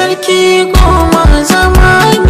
sarki goma zamani